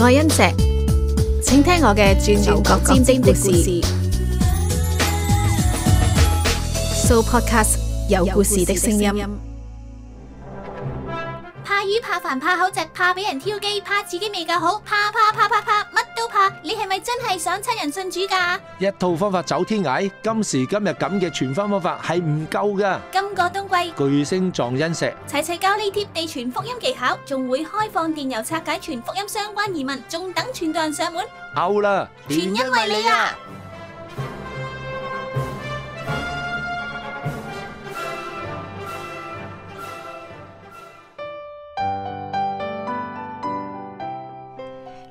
愛恩石，請聽我嘅轉轉角尖尖的故事。So Podcast 有故事的聲音。於怕煩怕口食，怕俾人挑機，怕自己未夠好，怕怕怕怕怕，怕，乜都怕。你係咪真係想親人信主噶？一套方法走天涯，今時今日咁嘅傳福音方法係唔夠噶。今個冬季，巨星撞恩石，齊齊教你貼地傳福音技巧，仲會開放電郵拆解傳福音相關疑問，仲等傳到人上門。歐啦！全因為你啊！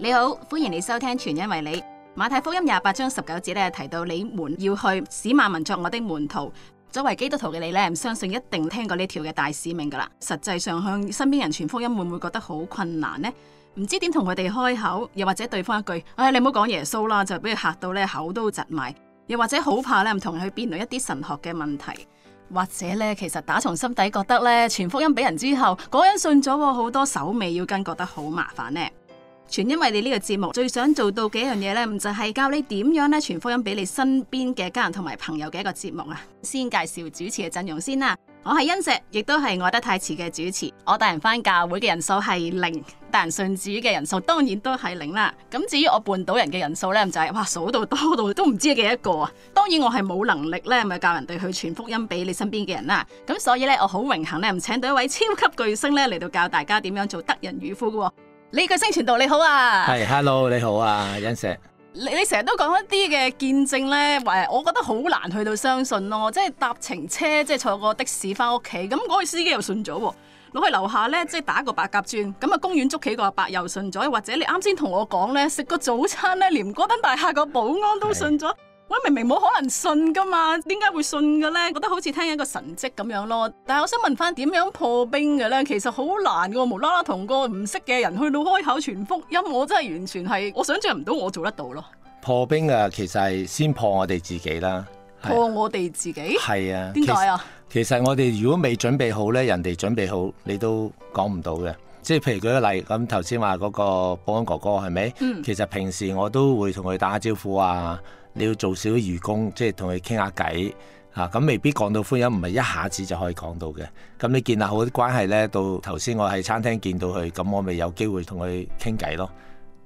你好，歡迎你收聽全因為你。馬太福音廿八章十九節咧提到你們要去使萬民作我的門徒。作為基督徒嘅你咧，唔相信一定聽過呢條嘅大使命噶啦。實際上向身邊人傳福音會唔會覺得好困難呢？唔知點同佢哋開口，又或者對方一句，唉、哎，你唔好講耶穌啦，就俾佢吓到咧口都窒埋。又或者好怕咧唔同佢辯論一啲神學嘅問題，或者咧其實打從心底覺得咧傳福音俾人之後，嗰人信咗好多手尾要跟，覺得好麻煩呢？全因為你呢個節目最想做到幾樣嘢呢？唔就係、是、教你點樣咧傳福音俾你身邊嘅家人同埋朋友嘅一個節目啊！先介紹主持嘅陣容先啦，我係恩石，亦都係愛得太遲嘅主持。我帶人返教會嘅人數係零，帶人信主嘅人數當然都係零啦。咁至於我絆到人嘅人數呢，就係、是、哇數到多到都唔知幾多個啊！當然我係冇能力呢咪教人哋去傳福音俾你身邊嘅人啦。咁所以呢，我好榮幸呢，唔請到一位超級巨星呢嚟到教大家點樣做得人如魚嘅、哦。你個星傳道你好啊，係，hello，你好啊，欣石。你你成日都講一啲嘅見證咧，或我覺得好難去到相信咯，即係搭程車，即係坐個的士返屋企，咁、那、嗰個司機又信咗喎，攞去樓下咧，即係打個白鴿轉，咁啊公園捉棋個阿伯又信咗，或者你啱先同我講咧，食個早餐咧，連國賓大廈個保安都信咗。我明明冇可能信噶嘛，點解會信嘅咧？覺得好似聽緊一個神跡咁樣咯。但係我想問翻點樣破冰嘅咧？其實好難嘅喎，無啦啦同個唔識嘅人去到開口傳福音，我真係完全係我想像唔到我做得到咯。破冰啊，其實係先破我哋自己啦。破、啊、我哋自己？係啊。點解啊？其實我哋如果未準備好咧，人哋準備好，你都講唔到嘅。即係譬如舉個例，咁頭先話嗰個保安哥哥係咪？是是嗯、其實平時我都會同佢打招呼啊。你要做少啲愚公，即係同佢傾下偈嚇，咁、啊啊、未必講到婚姻，唔係一下子就可以講到嘅。咁你建立好啲關係咧，到頭先我喺餐廳見到佢，咁我咪有機會同佢傾偈咯。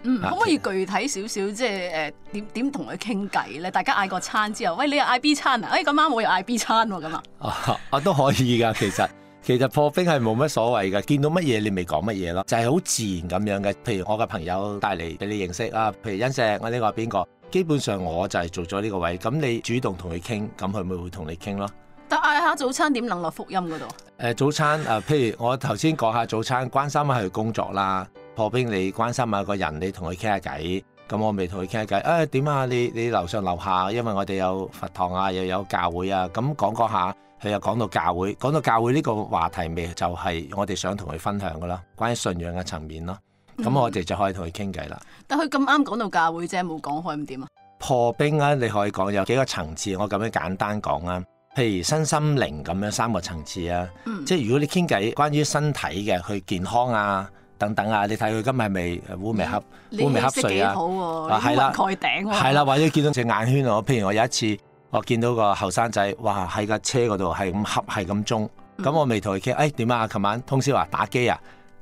嗯，可唔可以具體少少，即係誒點點同佢傾偈咧？大家嗌個餐之後，喂，你又嗌 B 餐啊？哎、啊，咁啱我又嗌 B 餐喎，咁啊，啊，都可以噶。其實其實破冰係冇乜所謂噶，見到乜嘢你咪講乜嘢咯，就係、是、好自然咁樣嘅。譬如我嘅朋友帶嚟俾你認識啊，譬如欣石，我、啊、呢、這個係邊個？基本上我就係做咗呢個位，咁你主動同佢傾，咁佢咪會同你傾咯。但嗌下早餐點能落福音嗰度？誒早餐誒，譬如我頭先講下早餐，關心下佢工作啦。破冰你關心下個人，你同佢傾下偈，咁我咪同佢傾下偈。啊點啊，你你樓上樓下，因為我哋有佛堂啊，又有教會啊，咁講講下。佢又講到教會，講到教會呢個話題，咪就係我哋想同佢分享噶啦，關於信仰嘅層面咯。咁、嗯、我哋就可以同佢傾偈啦。但佢咁啱講到價會啫，冇講開咁點啊？破冰啊，你可以講有幾個層次，我咁樣簡單講啊。譬如身心靈咁樣三個層次啊。嗯、即係如果你傾偈關於身體嘅，去健康啊等等啊，你睇佢今日係咪烏眉黑烏、嗯、眉黑水啊？你面色幾好喎，啊，面雲蓋頂，啊。係啦，或者見到隻眼圈啊。譬如我有一次我見到個後生仔，哇喺架車嗰度係咁黑係咁棕。咁、嗯嗯、我未同佢傾，誒、哎、點啊？琴晚通宵啊，打機啊？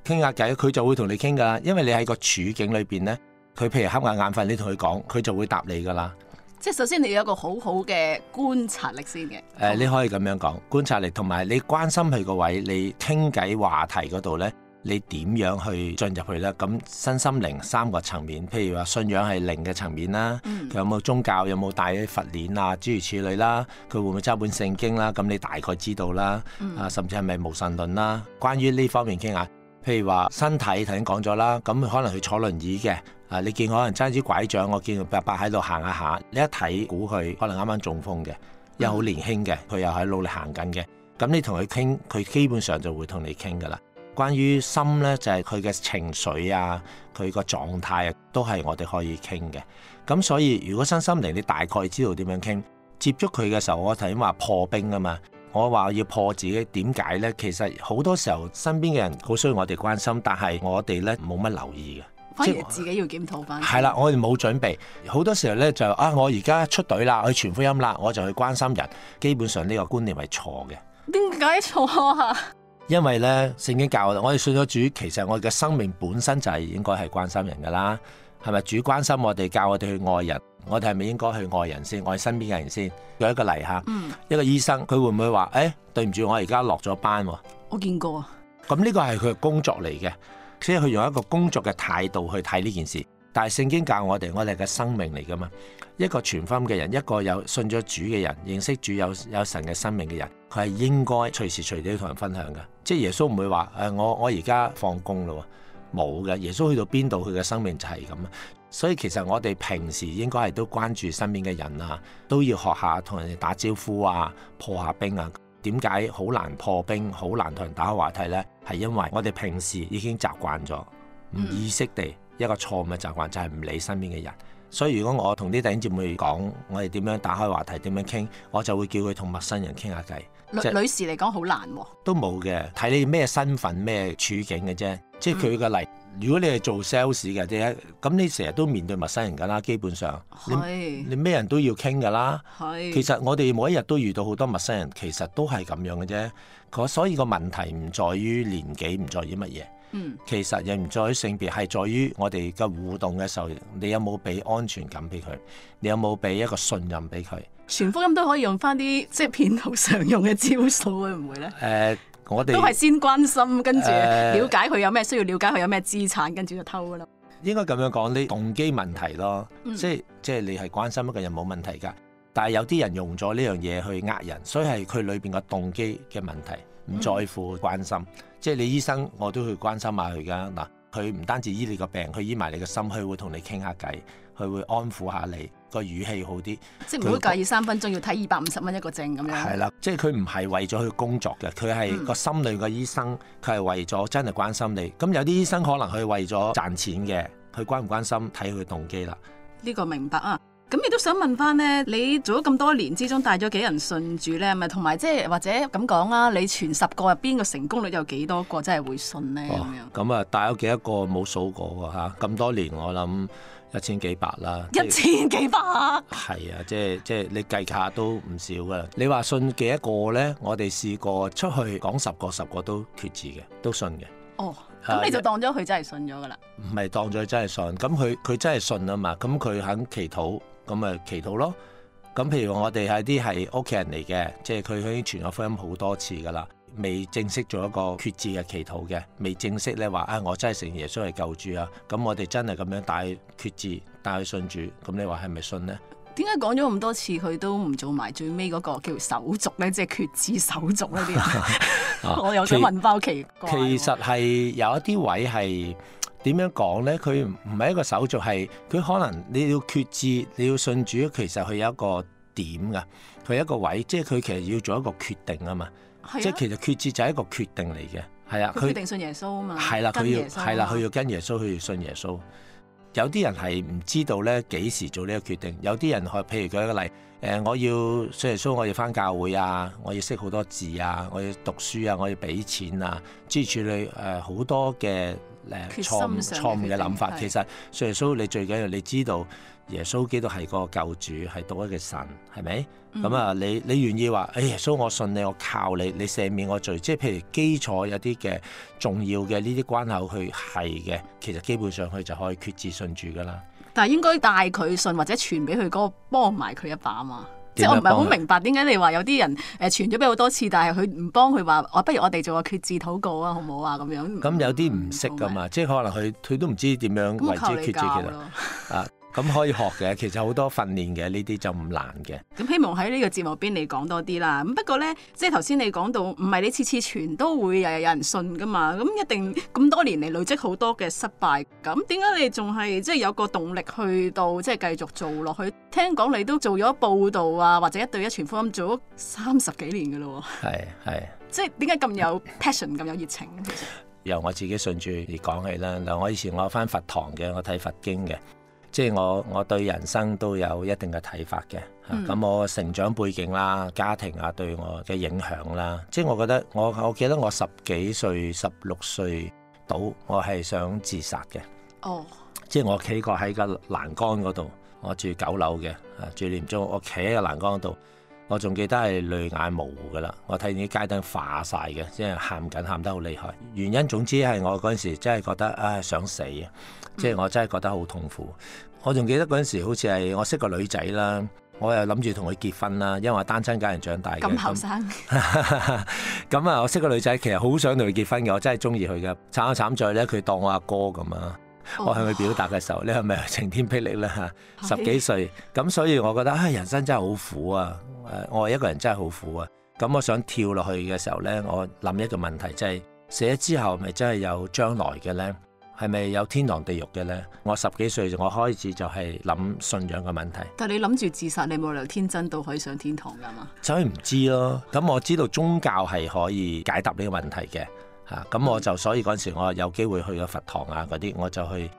傾下偈，佢就會同你傾噶啦。因為你喺個處境裏邊咧，佢譬如瞌眼眼瞓，你同佢講，佢就會答你噶啦。即係首先你要有一個好好嘅觀察力先嘅。誒、呃，嗯、你可以咁樣講，觀察力同埋你關心佢個位，你傾偈話題嗰度咧，你點樣去進入去咧？咁身心靈三個層面，譬如話信仰係靈嘅層面啦，嗯、有冇宗教？有冇帶佛鏈啊？諸如此類啦，佢會唔會揸本聖經啦？咁你大概知道啦。啊、嗯，甚至係咪無神論啦？關於呢方面傾下。譬如話身體頭先講咗啦，咁可能佢坐輪椅嘅，啊你見可能揸支拐杖，我見佢伯伯喺度行下下，你一睇估佢可能啱啱中風嘅，輕又好年輕嘅，佢又喺努力行緊嘅，咁你同佢傾，佢基本上就會同你傾噶啦。關於心呢，就係佢嘅情緒啊，佢個狀態啊都係我哋可以傾嘅。咁所以如果身心靈你大概知道點樣傾，接觸佢嘅時候，我頭先話破冰啊嘛。我話要破自己，點解呢？其實好多時候身邊嘅人好需要我哋關心，但係我哋呢冇乜留意嘅。反而自己要檢討返。係啦，我哋冇準備，好多時候呢，就啊，我而家出隊啦，去傳福音啦，我就去關心人。基本上呢個觀念係錯嘅。點解錯啊？因為呢，聖經教我，我哋信咗主，其實我哋嘅生命本身就係應該係關心人噶啦。係咪主關心我哋？教我哋去愛人，我哋係咪應該去愛人先？愛身邊嘅人先。舉一個例吓，嗯、一個醫生，佢會唔會話？誒、哎，對唔住，我而家落咗班。我見過啊。咁呢個係佢嘅工作嚟嘅，即係佢用一個工作嘅態度去睇呢件事。但係聖經教我哋，我哋嘅生命嚟噶嘛？一個全心嘅人，一個有信咗主嘅人，認識主有有神嘅生命嘅人，佢係應該隨時隨地同人分享噶。即係耶穌唔會話誒、呃，我我而家放工咯。」冇嘅，耶穌去到邊度，佢嘅生命就係咁啊！所以其實我哋平時應該係都關注身邊嘅人啊，都要學下同人哋打招呼啊，破下冰啊。點解好難破冰，好難同人打開話題呢？係因為我哋平時已經習慣咗，唔意識地一個錯誤嘅習慣就係唔理身邊嘅人。所以如果我同啲弟兄姊妹講我哋點樣打開話題，點樣傾，我就會叫佢同陌生人傾下偈。即女士嚟講好難喎、哦，都冇嘅，睇你咩身份咩處境嘅啫。即係佢個例，如果你係做 sales 嘅，即咁你成日都面對陌生人噶啦，基本上你咩是人都要傾噶啦。是其實我哋每一日都遇到好多陌生人，其實都係咁樣嘅啫。所以個問題唔在於年紀，唔在於乜嘢。嗯、其實又唔在於性別，係在於我哋嘅互動嘅時候，你有冇俾安全感俾佢？你有冇俾一個信任俾佢？全福音都可以用翻啲即係騙徒常用嘅招數嘅，會唔會咧？誒、呃，我哋都係先關心，跟住了解佢有咩需要，了解佢有咩資產，跟住就偷噶啦。應該咁樣講，你動機問題咯，嗯、即係即係你係關心一個人冇問題㗎，但係有啲人用咗呢樣嘢去呃人，所以係佢裏邊個動機嘅問題，唔在乎關心。嗯、即係你醫生，我都去關心下佢㗎嗱，佢唔單止醫你個病，佢醫埋你個心，佢會同你傾下偈，佢會安撫下你。個語氣好啲，即係唔會介意三分鐘要睇二百五十蚊一個症咁樣。係啦，即係佢唔係為咗去工作嘅，佢係個心裏嘅醫生，佢係為咗真係關心你。咁有啲醫生可能佢為咗賺錢嘅，佢關唔關心睇佢動機啦？呢個明白啊。咁亦都想問翻咧？你做咗咁多年之中，帶咗幾人信住咧？咪同埋即係或者咁講啦，你全十個入邊個成功率有幾多個真係會信咧？咁、哦、樣咁啊，帶咗幾多個冇數過㗎嚇？咁多年我諗一千幾百啦。一千幾百？係啊，即係即係你計下都唔少㗎啦。你話信幾多個咧？我哋試過出去講十個十個都決志嘅，都信嘅。哦，咁你就當咗佢真係信咗㗎啦。唔係、啊、當咗佢真係信，咁佢佢真係信啊嘛。咁佢肯祈禱。咁咪祈禱咯。咁譬如我哋係啲係屋企人嚟嘅，即係佢已經傳咗福音好多次噶啦，未正式做一個決志嘅祈禱嘅，未正式咧話啊，我真係成耶穌嚟救主啊。咁我哋真係咁樣帶決志，帶佢信主，咁你話係咪信呢？點解講咗咁多次佢都唔做埋最尾嗰個叫手續咧？即係決志手續嗰啲。 啊、 我又想問返奇怪，啊其。其實係有一啲位係。點樣講呢？佢唔係一個手續，係佢可能你要決志，你要信主。其實佢有一個點㗎，佢有一個位，即係佢其實要做一個決定啊嘛。啊即係其實決志就係一個決定嚟嘅，係啊。決定信耶穌啊嘛。係啦、啊，佢要係啦，佢、啊、要跟耶穌，去信耶穌。有啲人係唔知道呢幾時做呢個決定。有啲人，譬如舉一個例，誒、呃，我要信耶穌，我要返教會啊，我要識好多字啊，我要讀書啊，我要俾錢啊，支持你誒好多嘅。錯誤錯誤嘅諗法，的其實所以耶穌你最緊要你知道耶穌基督係個救主，係獨一嘅神，係咪？咁啊、嗯，你你願意話，哎耶穌，我信你，我靠你，你赦免我罪，即係譬如基礎有啲嘅重要嘅呢啲關口去係嘅，其實基本上佢就可以決志信主噶啦。但係應該帶佢信或者傳俾佢嗰個幫埋佢一把啊嘛。即係我唔係好明白點解你話有啲人誒傳咗俾我多次，但係佢唔幫佢話，不如我哋做個決志禱告啊，好唔好啊？咁樣咁、嗯、有啲唔識㗎嘛，嗯、即係可能佢佢都唔知點樣為之決志其實啊。 咁可以學嘅，其實好多訓練嘅，呢啲就唔難嘅。咁希望喺呢個節目邊你講多啲啦。咁不過呢，即係頭先你講到，唔係你次次傳都會日日有人信噶嘛。咁一定咁多年嚟累積好多嘅失敗。咁點解你仲係即係有個動力去到即係繼續做落去？聽講你都做咗報道啊，或者一對一傳福音做咗三十幾年嘅咯喎。係，係。即係點解咁有 passion 咁 有熱情？由我自己順住而講起啦。我以前我翻佛堂嘅，我睇佛經嘅。即係我我對人生都有一定嘅睇法嘅，咁、嗯啊、我成長背景啦、家庭啊對我嘅影響啦，即係我覺得我我記得我十幾歲、十六歲到，我係想自殺嘅。哦，即係我企過喺個欄杆嗰度，我住九樓嘅，最嚴重我企喺個欄杆嗰度。我仲記得係淚眼模糊噶啦，我睇見啲街燈化晒嘅，即係喊緊喊得好厲害。原因總之係我嗰陣時真係覺得啊想死啊，即係我真係覺得好痛苦。我仲記得嗰陣時好似係我識個女仔啦，我又諗住同佢結婚啦，因為我單親家人長大嘅。咁後今 生。咁啊，我識個女仔其實好想同佢結婚嘅，我真係中意佢噶，慘啊慘在咧佢當我阿哥咁啊。Oh. 我向佢表達嘅時候，你係咪晴天霹靂咧？嚇， 十幾歲咁，所以我覺得啊、哎，人生真係好苦啊！誒，oh. 我一個人真係好苦啊！咁我想跳落去嘅時候呢，我諗一個問題就係、是、死咗之後，咪真係有將來嘅呢？係咪有天堂地獄嘅呢？我十幾歲，我開始就係諗信仰嘅問題。但你諗住自殺，你冇理由天真到可以上天堂㗎嘛？所以唔知咯。咁我知道宗教係可以解答呢個問題嘅。啊，咁、嗯、我就所以嗰陣時我有機會去咗佛堂啊，嗰啲我就去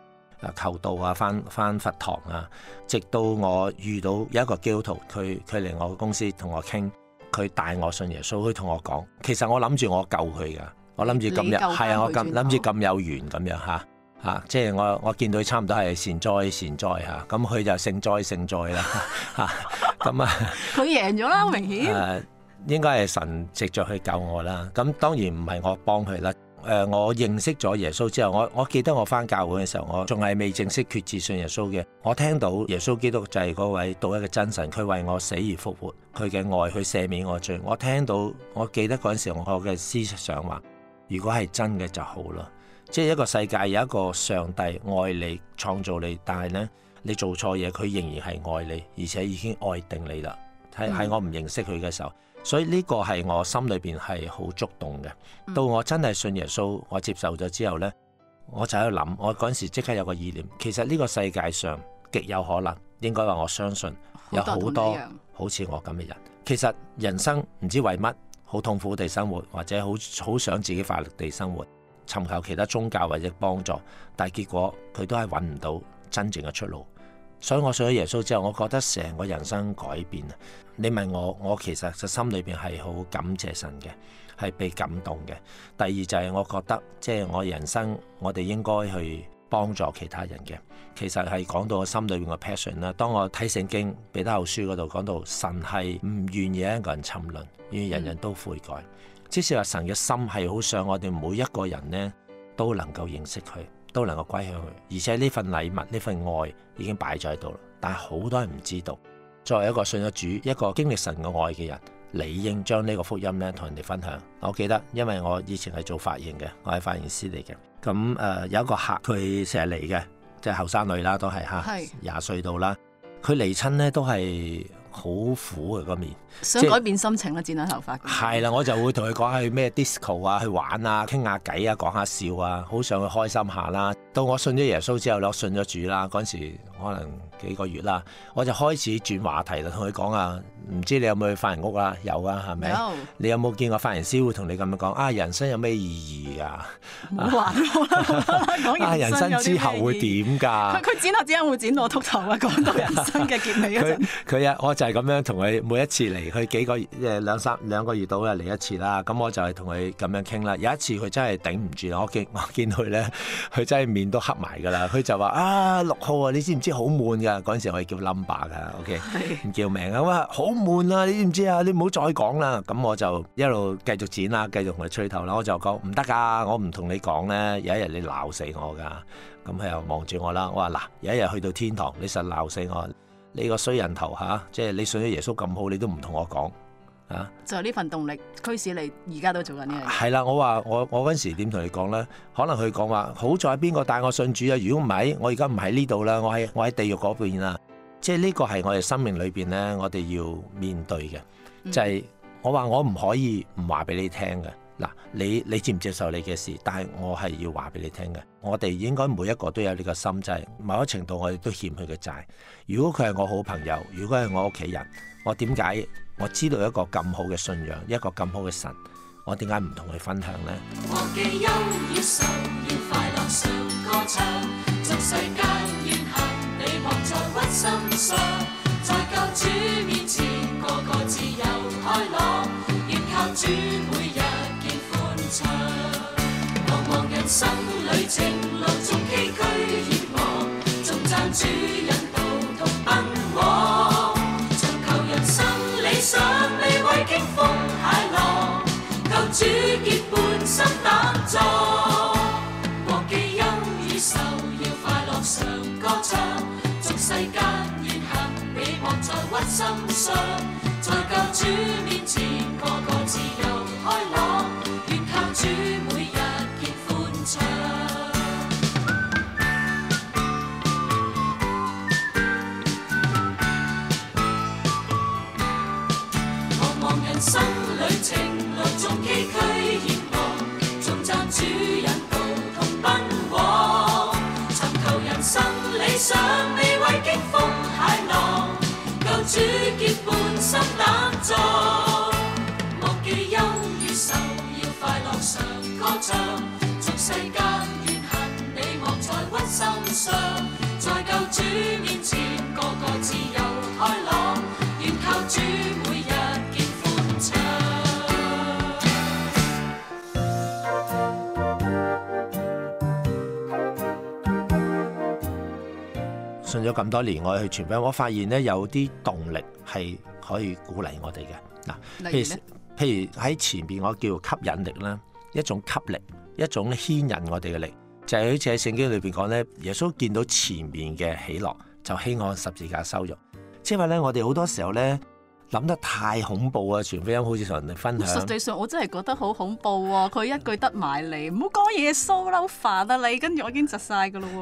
啊求道啊，翻翻佛堂啊，直到我遇到一個基督徒，佢佢嚟我公司同我傾，佢帶我信耶穌，佢同我講，其實我諗住我救佢噶，我諗住今日係啊，我諗住咁有緣咁樣吓，吓，即係我我見到佢差唔多係善哉善哉吓，咁、啊、佢就勝哉勝哉啦吓，咁啊，佢贏咗啦， 好明顯。 啊應該係神直接去救我啦，咁當然唔係我幫佢啦。誒、呃，我認識咗耶穌之後，我我記得我返教會嘅時候，我仲係未正式決志信耶穌嘅。我聽到耶穌基督就係嗰位獨一嘅真神，佢為我死而復活，佢嘅愛去赦免我罪。我聽到，我記得嗰陣時我嘅思想話：如果係真嘅就好啦，即係一個世界有一個上帝愛你創造你，但係呢，你做錯嘢，佢仍然係愛你，而且已經愛定你啦。喺喺我唔認識佢嘅時候。所以呢個係我心裏邊係好觸動嘅。到我真係信耶穌，我接受咗之後呢，我就喺度諗，我嗰陣時即刻有個意念，其實呢個世界上極有可能，應該話我相信有好多好似我咁嘅人。其實人生唔知為乜，好痛苦地生活，或者好好想自己快樂地生活，尋求其他宗教或者幫助，但係結果佢都係揾唔到真正嘅出路。所以我信咗耶穌之後，我覺得成個人生改變啊！你問我，我其實心裏邊係好感謝神嘅，係被感動嘅。第二就係我覺得，即係我人生，我哋應該去幫助其他人嘅。其實係講到我心裏邊嘅 passion 啦。當我睇聖經《彼得後書》嗰度講到，神係唔願意一個人沉淪，願意人人都悔改。即使話神嘅心係好想我哋每一個人呢，都能夠認識佢。都能夠歸向佢，而且呢份禮物，呢份愛已經擺咗喺度啦。但係好多人唔知道，作為一個信咗主、一個經歷神嘅愛嘅人，理應將呢個福音咧同人哋分享。我記得，因為我以前係做髮型嘅，我係髮型師嚟嘅。咁誒、呃，有一個客佢成日嚟嘅，即係後生女啦，都係吓，廿歲到啦，佢嚟親咧都係。好苦啊！個面想改變心情啦，剪下即頭髮。係啦，我就會同佢講去咩 disco 啊，去玩啊，傾下偈啊，講下笑啊，好想去開心下啦。到我信咗耶穌之後，我信咗主啦。嗰陣時可能，幾個月啦，我就開始轉話題啦，同佢講啊，唔知你有冇去髮型屋啦？有啊，係咪？有。你有冇見過髮型師會同你咁樣講啊？人生有咩意義啊？冇、啊、話、 啊、人生。啊，人生之後會點㗎？佢剪下剪下會剪到我禿頭啊！講到人生嘅結尾嗰陣。佢佢啊，我就係咁樣同佢每一次嚟，佢幾個月誒兩三兩個月到啊嚟一次啦。咁我就係同佢咁樣傾啦。有一次佢真係頂唔住，我見我見佢咧，佢真係面都黑埋㗎啦。佢就話：啊，六號啊，你知唔知好悶㗎？嗰陣時我係叫 number 噶，OK，唔叫名啊！哇，好悶啊！你知唔知啊？你唔好再講啦，咁我就一路繼續剪啦，繼續同佢吹頭啦。我就講唔得噶，我唔同你講咧，有一日你鬧死我噶。咁佢又望住我啦，我話嗱，有一日去到天堂，你實鬧死我，你個衰人頭嚇，即係你信咗耶穌咁好，你都唔同我講。啊、就係呢份動力驅使你而家都在做緊嘢。樣。係啦，我話我我嗰陣時點同你講呢？可能佢講話好在邊個帶我信主啊？如果唔係，我而家唔喺呢度啦，我喺我喺地獄嗰邊啦。即係呢個係我哋生命裏邊呢，我哋要面對嘅就係、是、我話我唔可以唔話俾你聽嘅嗱，你你接唔接受你嘅事？但係我係要話俾你聽嘅，我哋應該每一個都有呢個心，就係、某一程度我哋都欠佢嘅債。如果佢係我好朋友，如果係我屋企人，我點解？我知道一個咁好嘅信仰，一個咁好嘅神，我點解唔同佢分享呢？主結伴心膽壯，莫記憂與愁，要快樂常歌唱。俗世間怨恨，你莫在屈心上，在救主面前個個自由開朗，願靠主每日見歡暢。尚未畏驚風駭浪，救主結伴心膽壯，忘記憂與愁，要快樂常歌唱。祝世間怨恨你莫在鬨心上，在救主面前。咁多年我去傳粉，我發現咧有啲動力係可以鼓勵我哋嘅嗱，譬如，如譬如喺前邊我叫吸引力啦，一種吸力，一種咧牽引我哋嘅力，就係好似喺聖經裏邊講咧，耶穌見到前面嘅喜樂，就希望十字架羞辱，即係話咧，我哋好多時候咧。諗得太恐怖啊！傳福音好似同人哋分享。實際上我真係覺得好恐怖喎、啊！佢一句得埋、啊、你，唔好講嘢，蘇嬲煩啊你！跟住我已經窒晒㗎啦喎。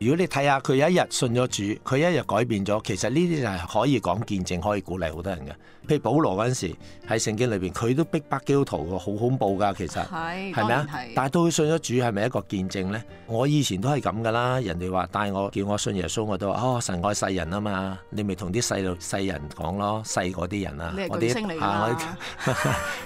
如果你睇下佢有一日信咗主，佢一日改變咗，其實呢啲就係可以講見證，可以鼓勵好多人㗎。譬如保羅嗰陣時喺聖經裏邊，佢都逼迫基督徒㗎，好恐怖㗎其實。係。係咪 啊樂？但係都信咗主係咪一個見證咧？我以前都係咁㗎啦。人哋話帶我叫我信耶穌，我都話哦神愛世人啊嘛，你咪同啲細路細人講咯細個。啲人啦，啊，我啲，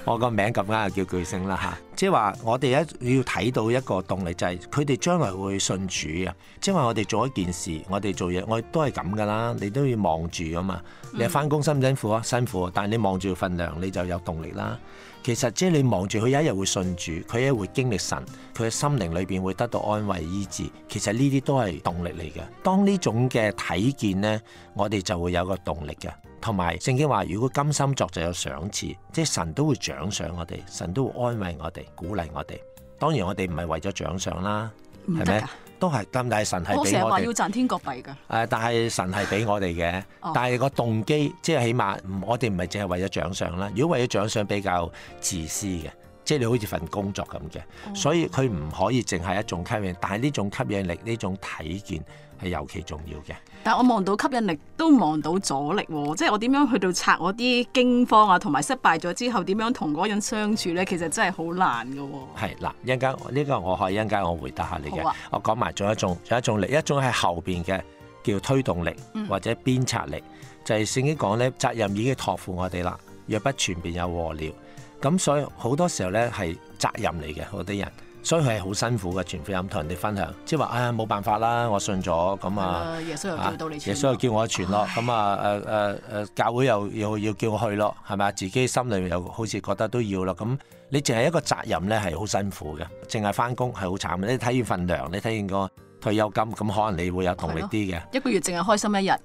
我個名咁啱又叫巨星啦吓，即係話我哋一要睇到一個動力就係佢哋將來會信主啊。即係話我哋做一件事，我哋做嘢，我哋都係咁噶啦。你都要望住吖嘛。你翻工辛唔辛苦啊？辛苦。但係你望住份糧，你就有動力啦。其實即係你望住佢一日會信主，佢一日會經歷神，佢嘅心靈裏邊會得到安慰醫治。其實呢啲都係動力嚟嘅。當呢種嘅睇見呢，我哋就會有個動力嘅。同埋聖經話，如果甘心作就有賞賜，即係神都會獎賞我哋，神都會安慰我哋，鼓勵我哋。當然我哋唔係為咗獎賞啦，係咪？都係，但係神係俾我哋。我成日話要賺天國幣㗎。誒， 哦、但係神係俾我哋嘅，但係個動機，即係起碼，我哋唔係淨係為咗獎賞啦。如果為咗獎賞比較自私嘅，即係你好似份工作咁嘅，哦、所以佢唔可以淨係一種吸引。但係呢種吸引力，呢種體驗。係尤其重要嘅，但係我望到吸引力，都望到阻力、哦，即係我點樣去到拆我啲驚慌啊，同埋失敗咗之後點樣同嗰人相處呢？其實真係好難噶、哦。係嗱，一陣間呢個我可以一陣間我回答下你嘅。啊、我講埋仲一種，仲一種力，一種係後邊嘅叫推動力或者鞭策力，嗯、就係聖經講呢，責任已經託付我哋啦。若不傳便有禍了，咁所以好多時候呢，係責任嚟嘅，好多人。所以佢係好辛苦嘅，傳福音同人哋分享，即係話唉冇辦法啦，我信咗咁啊！耶穌又叫到你，耶穌又叫我傳咯，咁啊誒誒誒，教會又又要，要叫我去咯，係咪？自己心裏又好似覺得都要咯，咁你淨係一個責任咧，係好辛苦嘅，淨係翻工係好慘。你睇完份糧，你睇完個退休金，咁可能你會有動力啲嘅。一個月淨係開心一日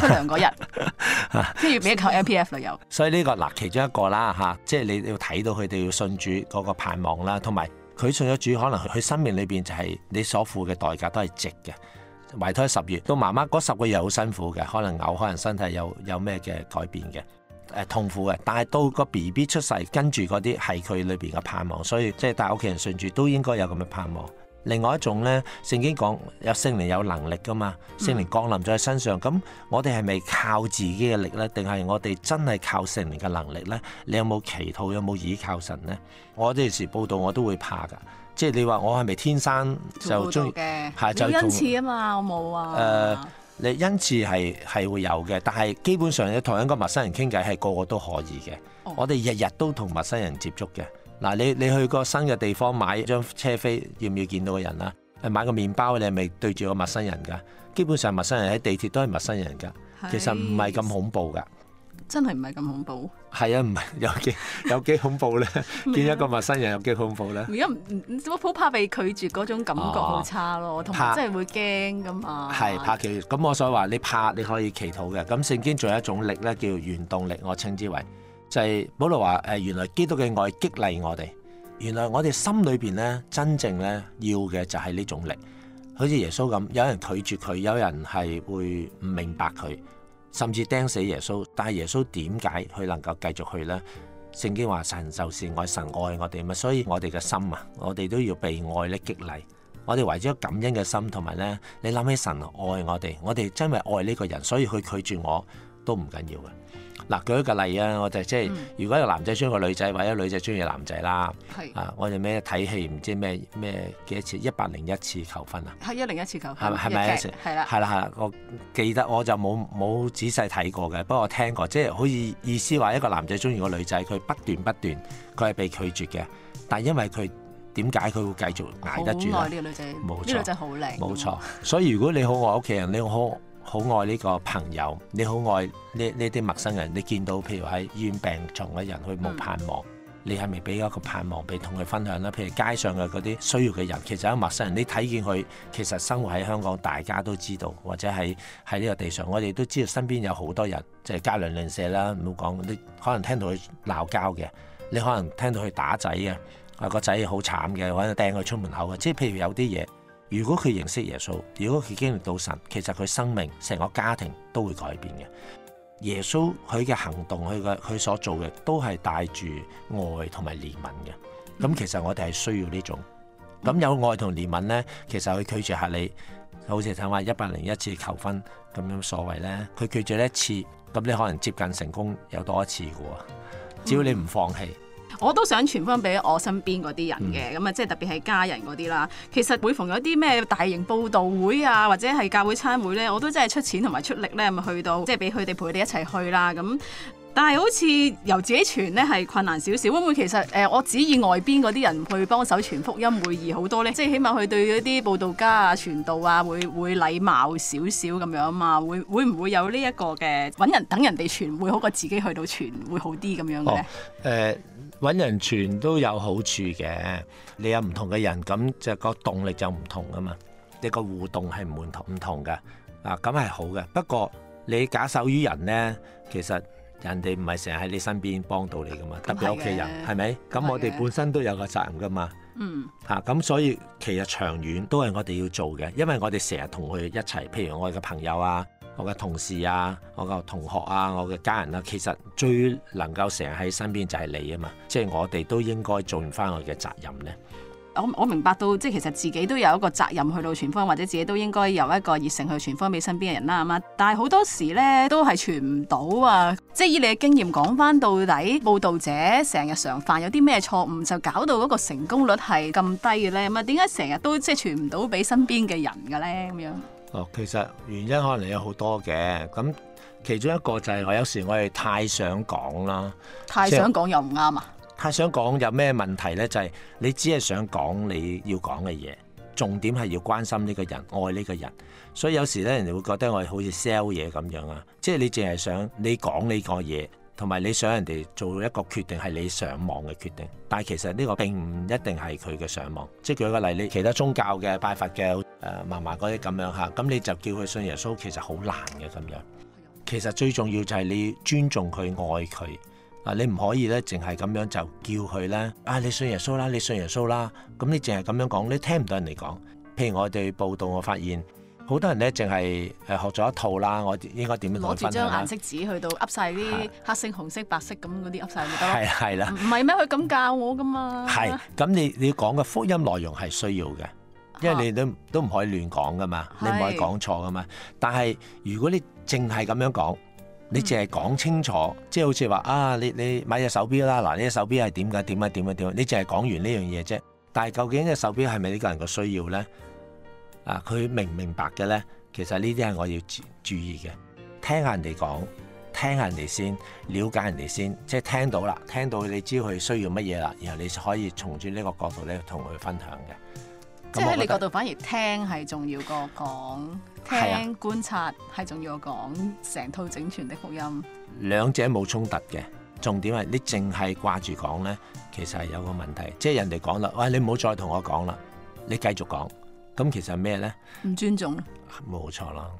出糧嗰日，跟住俾一嚿 MPF 啦又。所以呢、這個嗱其中一個啦吓、啊，即係你要睇到佢哋要信主嗰個盼望啦，同埋。佢信咗主，可能佢生命裏邊就係你所付嘅代價都係值嘅。懷胎十月，到媽媽嗰十個月好辛苦嘅，可能嘔，可能身體有有咩嘅改變嘅，誒、呃、痛苦嘅。但係到個 B B 出世，跟住嗰啲係佢裏邊嘅盼望，所以即係帶屋企人信主都應該有咁嘅盼望。另外一種咧，聖經講有聖靈有能力噶嘛，聖靈降臨在身上。咁、嗯、我哋係咪靠自己嘅力咧？定係我哋真係靠聖靈嘅能力咧？你有冇祈禱？有冇倚靠神咧？我有時報道我都會怕㗎，即係你話我係咪天生就中追意？係就恩賜啊嘛，我冇啊。誒、呃，你恩賜係係會有嘅，但係基本上你同一個陌生人傾偈係個個都可以嘅。哦、我哋日日都同陌生人接觸嘅。嗱，你你去個新嘅地方買張車飛，要唔要見到個人啊？買個麵包，你係咪對住個陌生人噶？基本上，陌生人喺地鐵都係陌生人噶。是其實唔係咁恐怖噶，真係唔係咁恐怖。係啊，唔係有幾有幾恐怖咧？ 見一個陌生人有幾恐怖咧？如果唔，我好怕被拒絕嗰種感覺好差咯，同埋、哦、真係會驚噶嘛。係怕拒絕，咁我所以話你怕你可以祈禱嘅。咁聖經仲有一種力咧，叫做原動力，我稱之為。就係，保羅話：，誒，原來基督嘅愛激勵我哋，原來我哋心裏邊咧，真正咧要嘅就係呢種力，好似耶穌咁，有人拒絕佢，有人係會唔明白佢，甚至釘死耶穌。但係耶穌點解佢能夠繼續去咧？聖經話：神就是愛，神愛我哋，咪所以我哋嘅心啊，我哋都要被愛咧激勵，我哋懷咗感恩嘅心，同埋咧，你諗起神愛我哋，我哋真係愛呢個人，所以佢拒絕我。都唔緊要嘅。嗱、啊，舉一個例啊，我就即、是、係、嗯、如果一個男仔中意個女仔，或者女仔中意男仔啦。是啊，我就咩睇戲唔知咩咩幾多次一百零一次求婚啊？係一零一次求婚。係咪？係咪夾？係啦。係啦的。我記得我就冇冇仔細睇過嘅，不過我聽過，即、就、係、是、好似意思話一個男仔中意個女仔，佢不斷不斷，佢係被拒絕嘅。但係因為佢點解佢會繼續捱得住咧？愛呢個女仔好靚。冇錯，所以如果你好我屋企人，你好。好愛呢個朋友，你好愛呢呢啲陌生人。你見到譬如喺醫院病牀嘅人，佢冇盼望，你係咪俾一個盼望俾同佢分享啦？譬如街上嘅嗰啲需要嘅人，其實係陌生人。你睇見佢，其實生活喺香港，大家都知道，或者喺喺呢個地上，我哋都知道身邊有好多人，即係隔籬鄰舍啦。唔好講你可能聽到佢鬧交嘅，你可能聽到佢打仔嘅，個仔好慘嘅，或者掟佢出門口嘅，即係譬如有啲嘢。如果佢認識耶穌，如果佢經歷到神，其實佢生命成個家庭都會改變嘅。耶穌佢嘅行動，佢嘅佢所做嘅，都係帶住愛同埋憐憫嘅。咁其實我哋係需要呢種。咁有愛同憐憫呢，其實佢拒絕下你，好似話一百零一次求婚咁樣所謂呢。佢拒絕一次，咁你可能接近成功有多一次嘅喎。只要你唔放棄。我都想傳翻俾我身邊嗰啲人嘅，咁啊、嗯，即係特別係家人嗰啲啦。其實每逢有啲咩大型佈道會啊，或者係教會餐會咧，我都真係出錢同埋出力咧，咪去到即係俾佢哋陪佢哋一齊去啦。咁，但係好似由自己傳咧係困難少少。會唔會其實誒、呃，我指意外邊嗰啲人去幫手傳福音會易好多咧，即係起碼佢對嗰啲佈道家啊、傳道啊，會會禮貌少少咁樣啊嘛，會會唔會有呢一個嘅揾人等人哋傳會好過自己去到傳會好啲咁樣咧？誒、哦。呃。揾人傳都有好處嘅，你有唔同嘅人，咁、那、就個動力就唔同啊嘛，你個互動係唔同唔同嘅，啊咁係好嘅。不過你假手於人呢，其實人哋唔係成日喺你身邊幫到你噶嘛，特別屋企人，係咪？咁我哋本身都有個責任噶嘛，嗯，嚇咁、啊、所以其實長遠都係我哋要做嘅，因為我哋成日同佢一齊，譬如我哋嘅朋友啊。我嘅同事啊，我嘅同學啊，我嘅家人啊，其實最能夠成日喺身邊就係你啊嘛，即係我哋都應該盡翻我嘅責任咧。我我明白到，即係其實自己都有一個責任去到傳播，或者自己都應該由一個熱誠去傳播俾身邊嘅人啦。係嘛，但係好多時咧都係傳唔到啊，即係以你嘅經驗講翻，到底報道者成日常常犯有啲咩錯誤就搞到嗰個成功率係咁低嘅咧？咁啊，點解成日都即係傳唔到俾身邊嘅人嘅咧？咁樣。哦，其實原因可能有好多嘅，咁其中一個就係我有時我係太想講啦，太想講又唔啱啊！太想講有咩問題呢？就係、是、你只係想講你要講嘅嘢，重點係要關心呢個人，愛呢個人，所以有時呢，人哋會覺得我係好似 sell 嘢咁樣啊！即係你淨係想你講呢個嘢。同埋你想人哋做一個決定係你上網嘅決定，但係其實呢個並唔一定係佢嘅上網，即係舉個例你其他宗教嘅拜佛嘅誒麻麻嗰啲咁樣嚇，咁、啊、你就叫佢信耶穌，其實好難嘅咁樣。其實最重要就係你尊重佢、愛佢啊！你唔可以咧，淨係咁樣就叫佢咧啊！你信耶穌啦，你信耶穌啦，咁你淨係咁樣講，你聽唔到人哋講。譬如我哋報道，我發現。好多人咧，淨係誒學咗一套啦。我應該點樣攞？攞住張顏色紙去到噏晒啲黑色、紅色、白色咁嗰啲噏晒咪得咯？係係啦。唔係咩？佢咁教我噶嘛？係咁，你你講嘅福音內容係需要嘅，因為你都、啊、都唔可以亂講噶嘛，你唔可以講錯噶嘛。但係如果你淨係咁樣講，你淨係講清楚，嗯、即係好似話啊，你你買隻手錶啦，嗱、啊，呢隻手錶係點㗎？點啊點啊點啊！你淨係講完呢樣嘢啫。但係究竟隻手錶係咪呢個人嘅需要咧？啊！佢明唔明白嘅呢？其實呢啲係我要注意嘅。聽下人哋講，聽下人哋先，了解人哋先，即係聽到啦，聽到你知佢需要乜嘢啦，然後你可以從住呢個角度咧同佢分享嘅。嗯、即係你，你角度反而聽係重要過講，聽觀察係重要過講成套整全的福音。兩者冇衝突嘅，重點係你淨係掛住講呢。其實係有個問題，即係人哋講啦，喂、哎，你唔好再同我講啦，你繼續講。咁其實係咩咧？唔尊重，冇錯啦。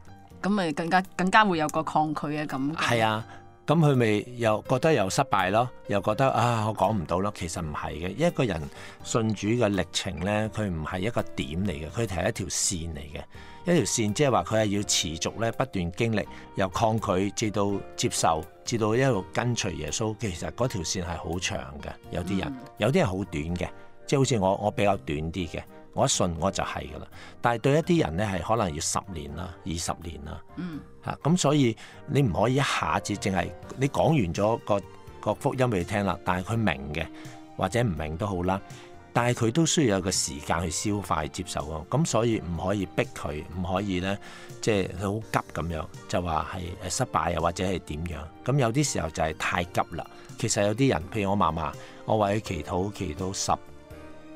咁咪更加更加會有個抗拒嘅感覺。係啊，咁佢咪又覺得又失敗咯，又覺得啊，我講唔到咯。其實唔係嘅，一個人信主嘅歷程咧，佢唔係一個點嚟嘅，佢係一條線嚟嘅。一條線即係話佢係要持續咧，不斷經歷，由抗拒至到接受，至到一路跟隨耶穌。其實嗰條線係好長嘅，有啲人，嗯，有啲人，有啲人好短嘅，即係好似我，我比較短啲嘅。我一信我就係噶啦，但係對一啲人咧係可能要十年啦、二十年啦嚇咁，所以你唔可以一下子淨係你講完咗個個福音俾佢聽啦，但係佢明嘅或者唔明都好啦，但係佢都需要有個時間去消化去接受啊，咁所以唔可以逼佢，唔可以咧即係佢好急咁樣就話係誒失敗又、啊、或者係點樣？咁、啊、有啲時候就係太急啦。其實有啲人譬如我嫲嫲，我為佢祈禱祈禱十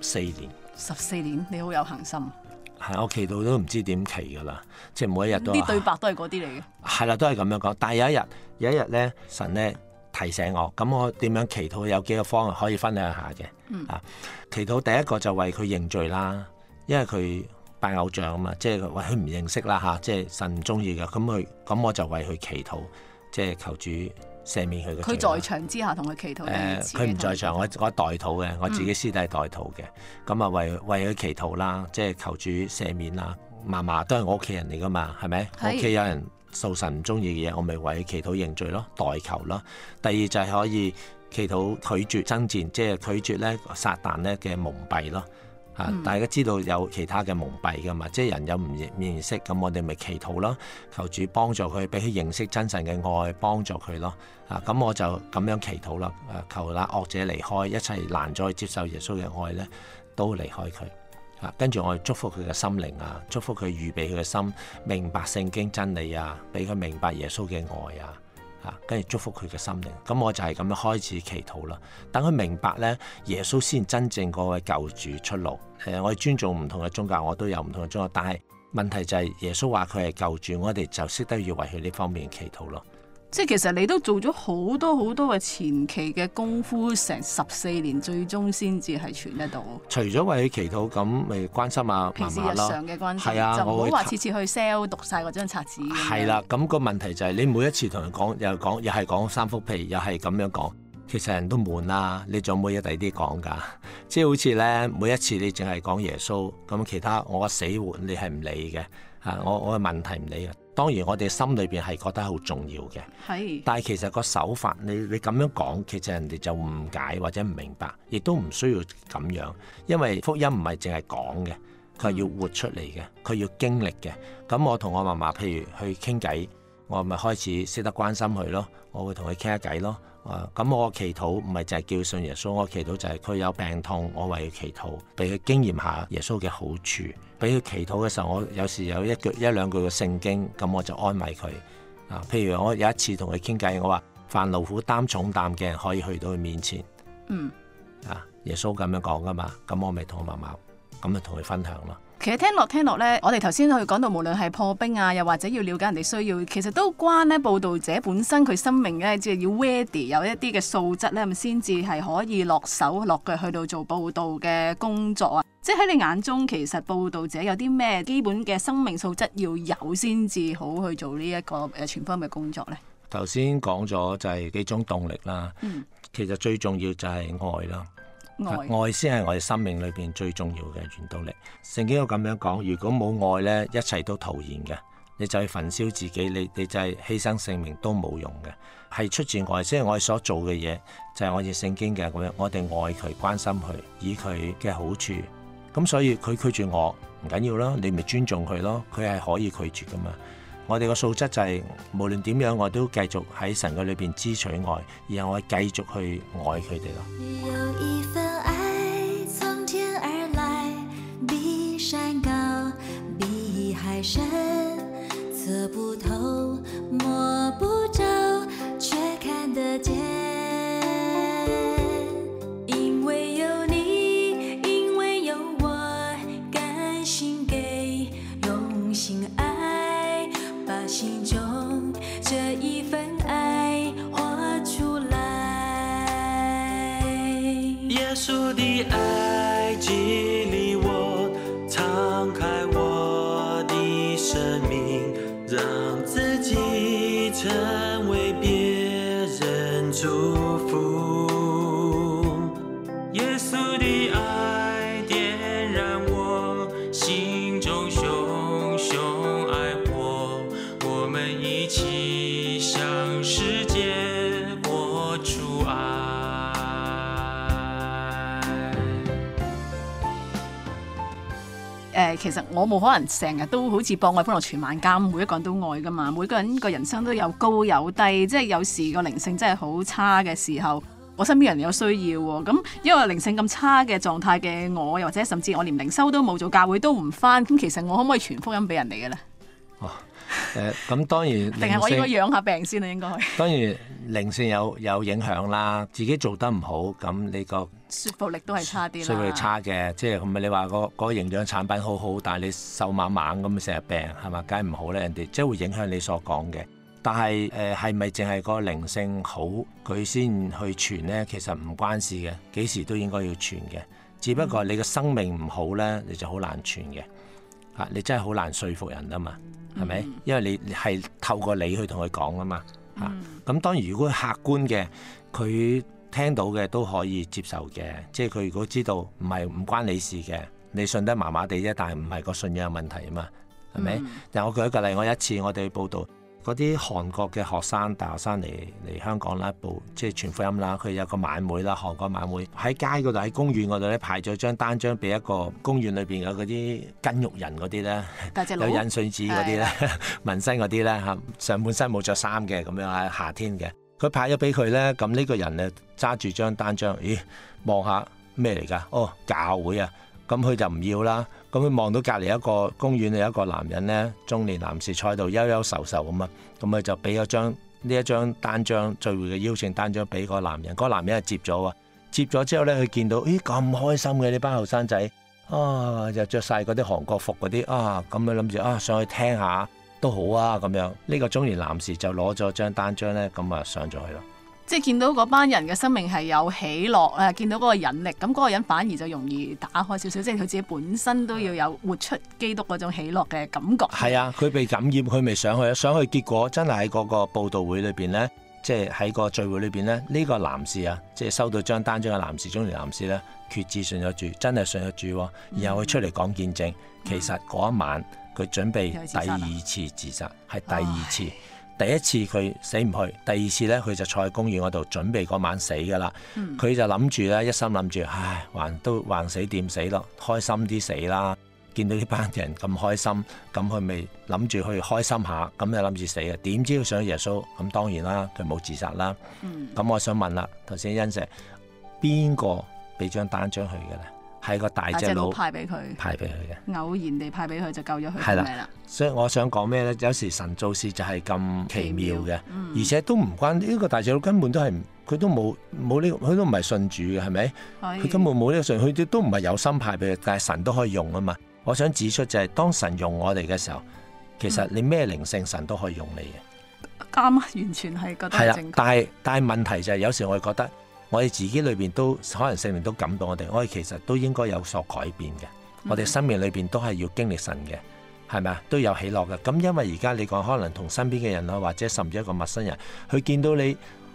四年。十四年，你好有恒心。係，我祈禱都唔知點祈噶啦，即係每一日都啲對白都係嗰啲嚟嘅。係啦，都係咁樣講。但係有一日有一日咧，神咧提醒我咁。我點樣祈禱有幾個方案可以分享下嘅、嗯、啊？祈禱第一個就為佢認罪啦，因為佢拜偶像啊嘛，即係為佢唔認識啦吓、啊，即係神唔中意嘅，咁佢咁我就為佢祈禱，即係求主。赦免佢嘅，佢在場之下同佢祈禱，第佢唔在場，我、嗯、我代禱嘅，我自己私底代禱嘅。咁啊，為為佢祈禱啦，即、就、係、是、求主赦免啦。嫲嫲都係我屋企人嚟㗎嘛，係咪是？我屋企有人素神唔中意嘅嘢，我咪為佢祈禱認罪咯，代求咯。第二就係可以祈禱拒絕爭戰，即係拒絕咧撒但咧嘅蒙蔽咯。啊！大家知道有其他嘅蒙蔽噶嘛？即係人有唔認識，咁我哋咪祈禱啦，求主幫助佢，俾佢認識真神嘅愛，幫助佢咯。啊！咁我就咁樣祈禱啦。誒，求那惡者離開，一切難再接受耶穌嘅愛咧，都離開佢。啊！跟住我哋祝福佢嘅心靈啊，祝福佢預備佢嘅心，明白聖經真理啊，俾佢明白耶穌嘅愛啊。跟住祝福佢嘅心靈，咁我就係咁樣開始祈禱啦。等佢明白呢，耶穌先真正嗰位救主出路。誒，我哋尊重唔同嘅宗教，我都有唔同嘅宗教，但係問題就係耶穌話佢係救主，我哋就識得要為佢呢方面祈禱咯。即係其實你都做咗好多好多嘅前期嘅功夫，成十四年，最終先至係傳得到。除咗為佢祈禱，咁咪、嗯、樣關心啊，平時日常嘅關係啊，就唔好話次次去 sell 會讀晒嗰張冊子。係啦，咁、那個問題就係、是、你每一次同人講又講又係講三幅被又係咁樣講，其實人都悶啦、啊。你仲有冇嘢第二啲講㗎？ 即係好似咧每一次你淨係講耶穌，咁其他我嘅死活你係唔理嘅啊！我我嘅問題唔理啊。當然，我哋心裏邊係覺得好重要嘅。是但係其實個手法，你你咁樣講，其實人哋就誤解或者唔明白，亦都唔需要咁樣。因為福音唔係淨係講嘅，佢係要活出嚟嘅，佢要經歷嘅。咁我同我嫲嫲，譬如去傾偈，我咪開始識得關心佢咯，我會同佢傾下偈咯。啊，咁我祈禱唔係就係叫信耶穌，我祈禱就係佢有病痛，我為佢祈禱，俾佢經驗下耶穌嘅好處，俾佢祈禱嘅時候，我有時有一句一兩句嘅聖經，咁我就安慰佢。啊，譬如我有一次同佢傾偈，我話凡勞苦擔重擔嘅人可以去到佢面前。嗯。啊，耶穌咁樣講㗎嘛，咁我咪同佢媽媽咁咪同佢分享咯。其實聽落聽落咧，我哋頭先去講到，無論係破冰啊，又或者要了解人哋需要，其實都關咧報道者本身佢生命咧，即係要 ready 有一啲嘅素質咧，咁先至係可以落手落腳去到做報道嘅工作啊！即係喺你眼中，其實報道者有啲咩基本嘅生命素質要有先至好去做呢一個誒全方位嘅工作咧？頭先講咗就係幾種動力啦，嗯，其實最重要就係愛啦。愛先係我哋生命裏邊最重要嘅原動力。聖經都咁樣講，如果冇愛呢，一切都徒然嘅。你就去焚燒自己，你你就係犧牲性命都冇用嘅。係出自愛先係我哋所做嘅嘢，就係我哋聖經嘅咁樣，我哋愛佢、關心佢、以佢嘅好處。咁所以佢拒絕我唔緊要啦，你咪尊重佢咯。佢係可以拒絕噶嘛。我哋個素質就係無論點樣，我都繼續喺神嘅裏邊支取愛，然後我繼續去愛佢哋咯。深，測不透，摸不着，卻看得見。其實我冇可能成日都好似博愛歡樂全萬家，每一個人都愛㗎嘛。每個人個人生都有高有低，即係有時個靈性真係好差嘅時候，我身邊人有需要喎、哦。咁、嗯、因為靈性咁差嘅狀態嘅我，又或者甚至我連靈修都冇做，教會都唔返。咁、嗯、其實我可唔可以傳福音俾人哋嘅咧？啊誒咁、嗯、當然定係我應該養下病先啊？應該當然靈性有有影響啦。自己做得唔好咁，你個説服力都係差啲啦。説服力差嘅，即係咁、嗰個。係你話嗰個營養產品好好，但係你瘦猛猛咁成日病係咪？梗係唔好咧。人哋即係會影響你所講嘅。但係誒係咪淨係個靈性好佢先去傳咧？其實唔關事嘅，幾時都應該要傳嘅。只不過你個生命唔好咧，你就好難傳嘅嚇、啊。你真係好難説服人啊嘛～係咪？因為你係透過你去同佢講啊嘛嚇。咁當然，如果客觀嘅佢聽到嘅都可以接受嘅，即係佢如果知道唔係唔關你事嘅，你信得麻麻地啫。但係唔係個信仰問題啊嘛，係咪？嗯、但我舉一個例，我有一次我哋去報道。嗰啲韓國嘅學生、大學生嚟嚟香港啦，一部即係全福音啦。佢有個晚會啦，韓國晚會喺街嗰度、喺公園嗰度咧，派咗張單張俾一個公園裏邊嘅嗰啲筋肉人嗰啲咧，有引信紙嗰啲咧，的 紋身嗰啲咧嚇，上半身冇着衫嘅咁樣啊，夏天嘅。佢派咗俾佢咧，咁呢個人咧揸住張單張，咦，望下咩嚟㗎？哦，教會啊，咁佢就唔要啦。咁佢望到隔離一個公園有一個男人呢，中年男士坐喺度憂憂愁愁咁啊，咁佢就俾咗張呢一張單張聚會嘅邀請單張俾個男人，個男人啊接咗啊，接咗之後呢，佢見到咦咁開心嘅呢班後生仔啊，又着晒嗰啲韓國服嗰啲啊，咁佢諗住啊上去聽下都好啊咁樣，呢個中年男士就攞咗張單張呢，咁啊上咗去啦。即係見到嗰班人嘅生命係有喜樂啊！見到嗰個引力，咁、那、嗰個人反而就容易打開少少，即係佢自己本身都要有活出基督嗰種喜樂嘅感覺。係啊，佢被感染，佢未上去，啊。上去結果真係喺嗰個佈道會裏邊呢，即係喺個聚會裏邊呢，呢、這個男士啊，即係收到張單張嘅男士中年男士呢，決志信咗主，真係信咗主，然後佢出嚟講見證。嗯、其實嗰一晚佢準備第二次自殺，係第二次。第一次佢死唔去，第二次呢，佢就坐喺公園嗰度準備嗰晚死㗎喇。佢、嗯、就諗住呢，一心諗住，唉，橫都橫死掂死咯，開心啲死啦。見到呢班人咁開心，咁佢咪諗住去開心下，咁就諗住死嘅。點知上咗耶穌，咁當然啦，佢冇自殺啦。咁、嗯、我想問啦，頭先欣 sir，邊個俾張單張佢嘅呢？係個大隻佬派俾佢，派俾佢嘅，偶然地派俾佢就救咗佢。係啦，所以我想講咩咧？有時神做事就係咁奇妙嘅，妙嗯、而且都唔關呢、這個大隻佬根本都係，佢都冇冇呢個佢都唔係信主嘅，係咪？佢以根本冇呢個信，佢都唔係有心派俾佢，但係神都可以用啊嘛。我想指出就係、是，當神用我哋嘅時候，其實你咩靈性，神都可以用你嘅。啱、嗯嗯，完全係覺得係啦，但係但係問題就係、是、有時我哋覺得。我哋自己裏邊都可能聖靈都感動我哋，我哋其實都應該有所改變嘅。我哋生命裏邊都係要經歷神嘅，係咪啊？都有喜樂嘅。咁因為而家你講可能同身邊嘅人啊，或者甚至一個陌生人，佢見到你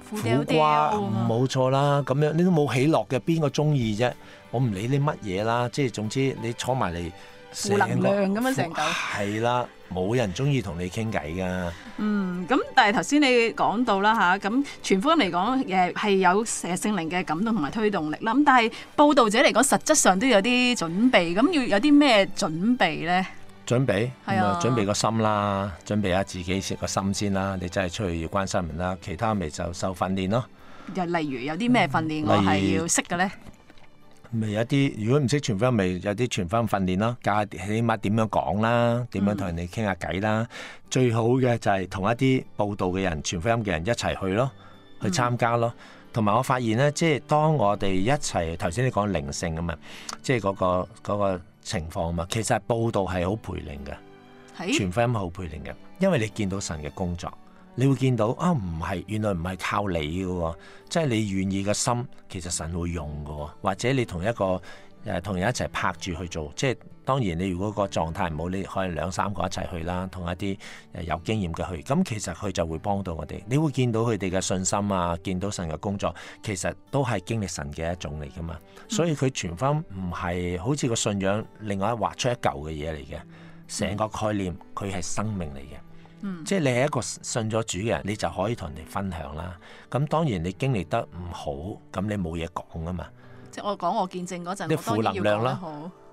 苦瓜，冇、嗯、錯啦。咁樣你都冇喜樂嘅，邊個中意啫？我唔理你乜嘢啦，即係總之你坐埋嚟，負能量咁啊成嚿。係啦。冇人中意同你傾偈噶。嗯，咁但係頭先你講到啦嚇，咁傳福音嚟講，誒係有神聖靈嘅感動同埋推動力啦。咁但係報道者嚟講，實質上都有啲準備，咁要有啲咩準備呢？準備係啊，準備個心啦，準備下自己食個心先啦。你真係出去要關心人啦，其他咪就受訓練咯。又例如有啲咩訓練我係要識嘅呢？咪有啲，如果唔識傳福音，咪有啲傳福音訓練咯，教下起碼點樣講啦，點樣同人哋傾下偈啦。嗯、最好嘅就係同一啲佈道嘅人，傳福音嘅人一齊去咯，去參加咯。同埋、嗯、我發現咧，即係當我哋一齊頭先你講靈性啊嘛，即係嗰個嗰個情況啊嘛，其實佈道係好培靈嘅，是傳福音好培靈嘅，因為你見到神嘅工作。你會見到啊，唔係、哦、原來唔係靠你嘅喎，即係你願意嘅心，其實神會用嘅喎，或者你同一個誒同、呃、人一齊拍住去做，即係當然你如果個狀態唔好，你可能兩三個一齊去啦，同一啲誒有經驗嘅去，咁、嗯、其實佢就會幫到我哋。你會見到佢哋嘅信心啊，見到神嘅工作，其實都係經歷神嘅一種嚟㗎嘛。所以佢全心唔係好似個信仰另外畫出一嚿嘅嘢嚟嘅，成個概念佢係生命嚟嘅。嗯，即係你係一個信咗主嘅人，你就可以同人哋分享啦。咁當然你經歷得唔好，咁你冇嘢講啊嘛。即係我講我見證嗰陣，啲負能量啦，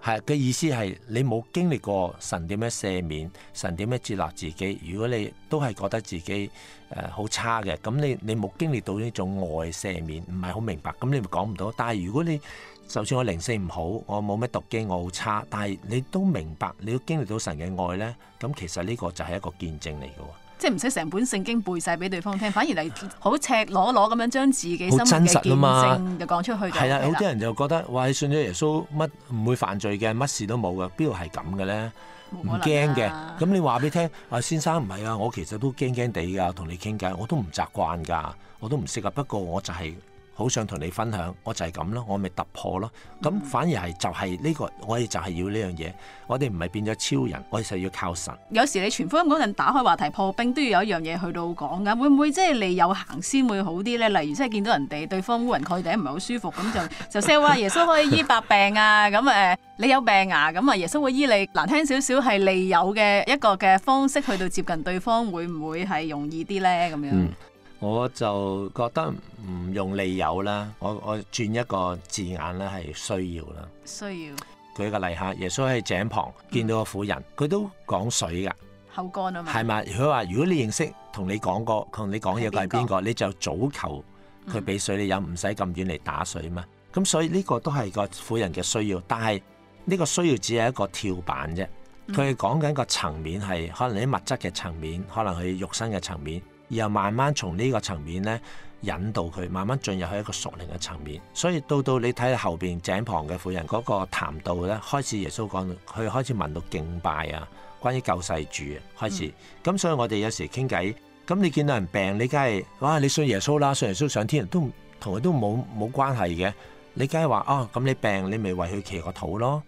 係嘅意思係你冇經歷過神點樣赦免，神點樣接納自己。如果你都係覺得自己誒好、呃、差嘅，咁你你冇經歷到呢種愛赦免，唔係好明白，咁你咪講唔到。但係如果你就算我靈性唔好，我冇咩讀經，我好差，但係你都明白，你要經歷到神嘅愛咧。咁其實呢個就係一個見證嚟嘅。即係唔使成本聖經背晒俾對方聽，反而嚟好赤裸裸咁樣將自己心嘅見證就講出去。係啦、啊，好多人就覺得話信咗耶穌乜唔會犯罪嘅，乜事都冇嘅，邊度係咁嘅咧？唔驚嘅。咁、啊、你話俾聽啊，先生唔係啊，我其實都驚驚地噶，同你傾偈我都唔習慣噶，我都唔識啊。不過我就係、是。好想同你分享，我就係咁咯，我咪突破咯。咁反而係就係呢個，我哋就係要呢樣嘢。我哋唔係變咗超人，我哋就要靠神。有時你傳福音嗰陣打開話題破冰，都要有一樣嘢去到講噶。會唔會即係利誘行先會好啲咧？例如即係見到人哋對方烏雲蓋頂，唔係好舒服，咁就就 sell 話 耶穌可以醫百病啊。咁誒，你有病啊？咁啊，耶穌會醫你。難聽少少係利誘嘅一個嘅方式去到接近對方，會唔會係容易啲咧？咁樣。嗯我就覺得唔用理由啦，我我轉一個字眼咧，係需要啦。需要。舉個例嚇，耶穌喺井旁見到個婦人，佢、嗯、都講水㗎。口乾啊嘛。係咪？佢話：如果你認識同你講過、同你講嘢佢係邊個，邊個？你就早求佢俾水你飲，唔使咁遠嚟打水嘛。咁所以呢個都係個婦人嘅需要，但係呢個需要只係一個跳板啫。佢講緊個層面係可能你啲物質嘅層面，可能佢肉身嘅層面。然後慢慢從呢個層面咧引導佢，慢慢進入去一個屬靈嘅層面。所以到到你睇下後邊井旁嘅婦人嗰個談道咧，開始耶穌講，佢開始問到敬拜啊，關於救世主啊，開始。咁所以我哋有時傾偈，咁你見到人病，你梗係哇，你信耶穌啦，信耶穌上天都同佢都冇冇關係嘅。你梗係話哦，咁你病你咪為佢祈個禱咯，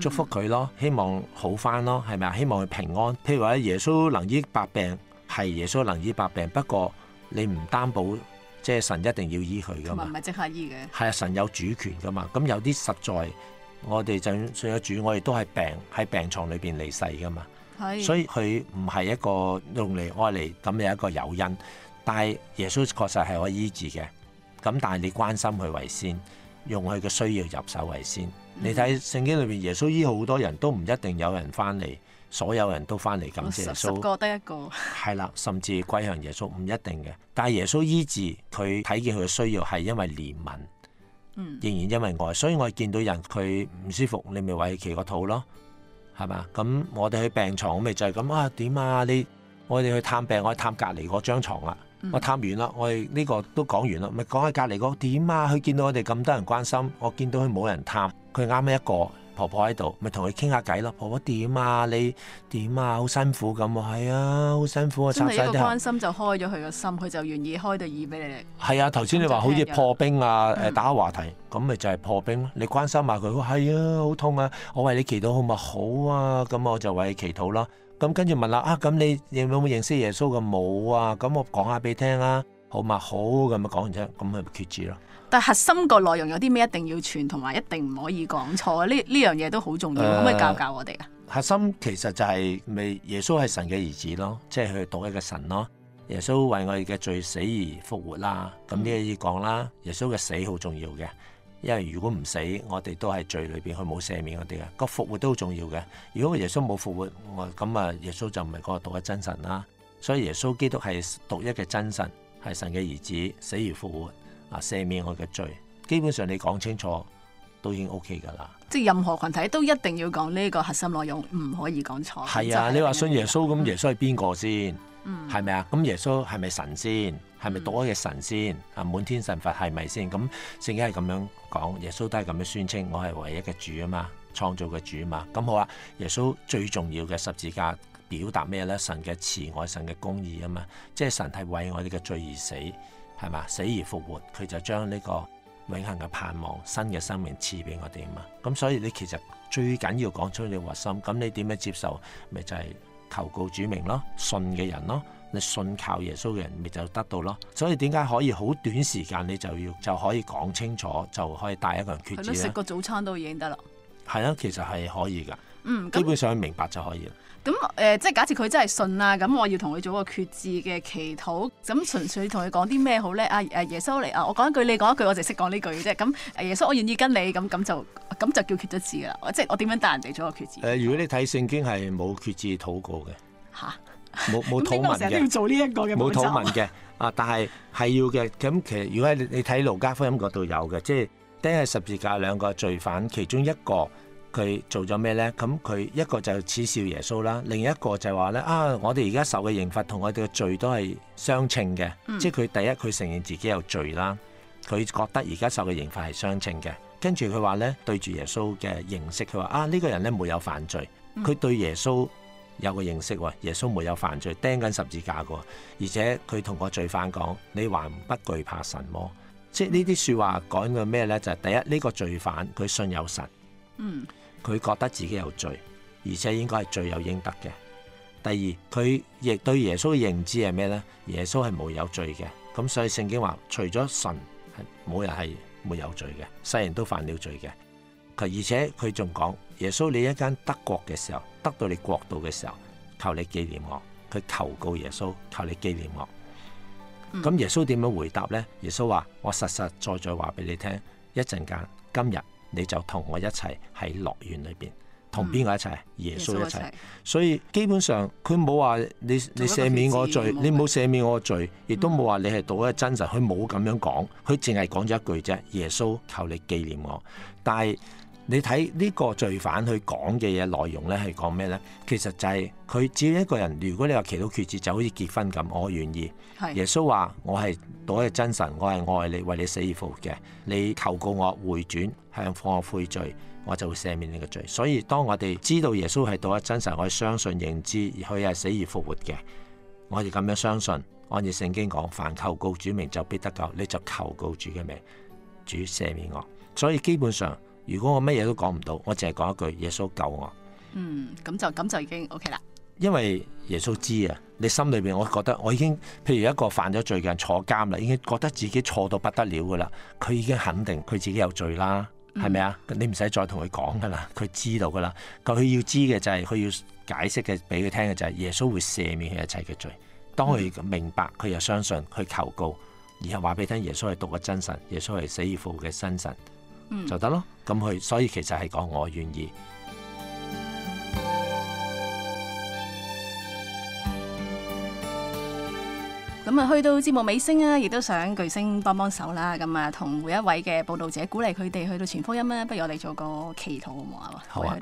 祝福佢咯，希望好返咯，係咪啊？希望佢平安。譬如話，耶穌能醫百病。係耶穌能醫百病，不過你唔擔保即係神一定要醫佢噶嘛，唔係即刻醫嘅。係啊，神有主權噶嘛。咁有啲實在我哋就算咗主，我哋都係病喺病床裏邊離世噶嘛。是所以佢唔係一個用嚟愛嚟咁嘅一個誘因，但係耶穌確實係可以醫治嘅。咁但係你關心佢為先，用佢嘅需要入手為先。你睇聖經裏邊，耶穌醫好多人都唔一定有人翻嚟，所有人都翻嚟感謝耶穌。十個得一個。係啦， 甚至歸向耶穌唔一定嘅，但係耶穌醫治佢睇見佢嘅需要係因為憐憫，嗯，仍然因為愛。所以我見到人佢唔舒服，你咪為其個肚咯，係嘛？咁我哋去病床咪就係咁啊？點啊？你我哋去探病，我去探隔離嗰張牀啦。我探完啦，我哋呢個都講完啦，咪講喺隔離嗰點啊？佢見到我哋咁多人關心，我見到佢冇人探，佢啱啱一個婆婆喺度，咪同佢傾下偈咯。婆婆點啊？你點啊？好辛苦咁啊？係啊，好辛苦啊！將你嘅關心就開咗佢個心，佢就願意開到耳俾你哋。係啊，頭先你話好似破冰啊，誒、嗯、打話題，咁咪就係破冰咯。你關心埋佢，佢係啊，好、啊、痛啊！我為你祈禱好咪好啊，咁我就為你祈禱啦。咁跟住問啦，啊咁你，你有冇認識耶穌嘅，冇啊？咁我講下俾你聽啊，好嘛？好，咁咪講完之後，咁咪決志咯。但係核心個內容有啲咩一定要傳，同埋一定唔可以講錯，呢呢樣嘢都好重要。呃、可唔可以教教我哋啊？核心其實就係、是、咪耶穌係神嘅兒子咯，即係佢係獨一嘅神咯。耶穌為我哋嘅罪死而復活啦，咁呢啲講啦。耶穌嘅死好重要嘅。因為如果唔死，我哋都係罪裏邊，佢冇赦免我哋嘅。個復活都好重要嘅。如果耶穌冇復活，我咁啊，耶穌就唔係嗰個獨一真神啦。所以耶穌基督係獨一嘅真神，係神嘅兒子，死而復活啊，赦免我嘅罪。基本上你講清楚都已經 OK 噶啦。即係任何群體都一定要講呢個核心內容，唔可以講錯。係啊，你話信耶穌咁，耶穌係邊個先？係咪啊？咁耶穌係咪神先？係咪獨一嘅神仙？啊，嗯、滿天神佛係咪先？咁正經係咁樣。講耶穌都係咁樣宣稱，我係唯一嘅主啊嘛，創造嘅主啊嘛。咁好啊，耶穌最重要嘅十字架表達咩呢？神嘅慈愛，神嘅公義啊嘛，即係神係為我哋嘅罪而死，係嘛，死而復活，佢就將呢個永恆嘅盼望、新嘅生命賜俾我哋啊嘛。咁所以你其實最緊要講出你核心，咁你點樣接受，咪就係、是、求告主名咯，信嘅人咯。信靠耶穌嘅人咪就得到咯，所以點解可以好短時間你就要就可以講清楚，就可以帶一個人決志咧？食個早餐都已經得啦。係啊，其實係可以噶，嗯，基本上明白就可以啦。咁誒、呃，即係假設佢真係信啦，咁我要同佢做個決志嘅祈禱，咁純粹同佢講啲咩好咧？啊誒，耶穌嚟啊，我講一句，你講一句，我就識講呢句啫。咁、啊、耶穌，我願意跟你咁咁就咁就叫決咗志噶啦。即係我點樣帶人哋做個決志？誒、呃，如果你睇聖經係冇決志禱告嘅吓。啊冇冇土文嘅，冇 土文嘅，啊！但係係要嘅。咁其實如果你你睇《路加福音》嗰度有嘅，即係釘係十字架兩個罪犯，其中一個佢做咗咩咧？咁佢一個就恥笑耶穌啦，另一個就話咧，啊！我哋而家受嘅刑罰同我哋嘅罪都係相稱嘅，即係佢第一佢承認自己有罪啦，佢覺得而家受嘅刑罰係相稱嘅。跟住佢話咧，對住耶穌嘅認識，佢話啊呢、這個人咧冇有犯罪，佢對耶穌。有個認識喎，耶穌沒有犯罪，釘緊十字架嘅，而且佢同個罪犯講：你還不懼怕神麼？即係呢啲說話講嘅咩呢？就係、是、第一呢、呢個罪犯佢信有神，佢覺得自己有罪，而且應該係罪有應得嘅。第二，佢亦對耶穌嘅認知係咩呢？耶穌係冇有罪嘅。咁所以聖經話，除咗神係冇人係沒有罪嘅，世人都犯了罪嘅。而且佢仲講耶穌你一間德國嘅時候，得到你國度嘅時候，求你紀念我。佢求告耶穌，求你紀念我。咁、嗯、耶穌點樣回答呢？耶穌話：我實實在在話俾你聽，一陣間今日你就同我一齊喺樂園裏邊，同邊個一齊？耶穌一齊。一所以基本上佢冇話你你赦免我罪，我你冇赦免我罪，亦都冇話你係獨一真神。佢冇咁樣講，佢淨係講咗一句啫。耶穌求你紀念我，但、嗯、係。你睇呢個罪犯去講嘅嘢內容咧，係講咩咧？其實就係佢只要一個人，如果你有祈禱決志，就好似結婚咁，我願意。是耶穌話：我係獨一真神，我係愛你，為你死而復活嘅。你求告我回轉，回轉向我悔罪，我就會赦免你嘅罪。所以當我哋知道耶穌係獨一真神，我哋相信認知，佢係死而復活嘅，我哋咁樣相信。按照聖經講，凡求告主名就必得救，你就求告主嘅名，主赦免我。所以基本上。如果我乜嘢都講唔到，我淨係講一句耶穌救我。嗯，咁就咁就已經 OK 啦。因為耶穌知啊，你心裏邊我覺得我已經，譬如一個犯咗罪嘅人坐監啦，已經覺得自己錯到不得了噶啦，佢已經肯定佢自己有罪啦，係咪啊？嗯、你唔使再同佢講噶啦，佢知道噶啦。但佢要知嘅就係、是、佢要解釋嘅俾佢聽嘅就係、是、耶穌會赦免佢一切嘅罪。當佢明白佢又相信去求告，然後話俾你聽耶穌係獨個真神，耶穌係死而復活嘅真神。就得咯，咁佢，所以其實係講我願意咁啊。嗯、去到節目尾聲啊，亦都想巨星幫幫手啦。咁啊，同每一位嘅報道者鼓勵佢哋去到傳福音啦。不如我哋做個祈禱，好唔好？好啊？好啊！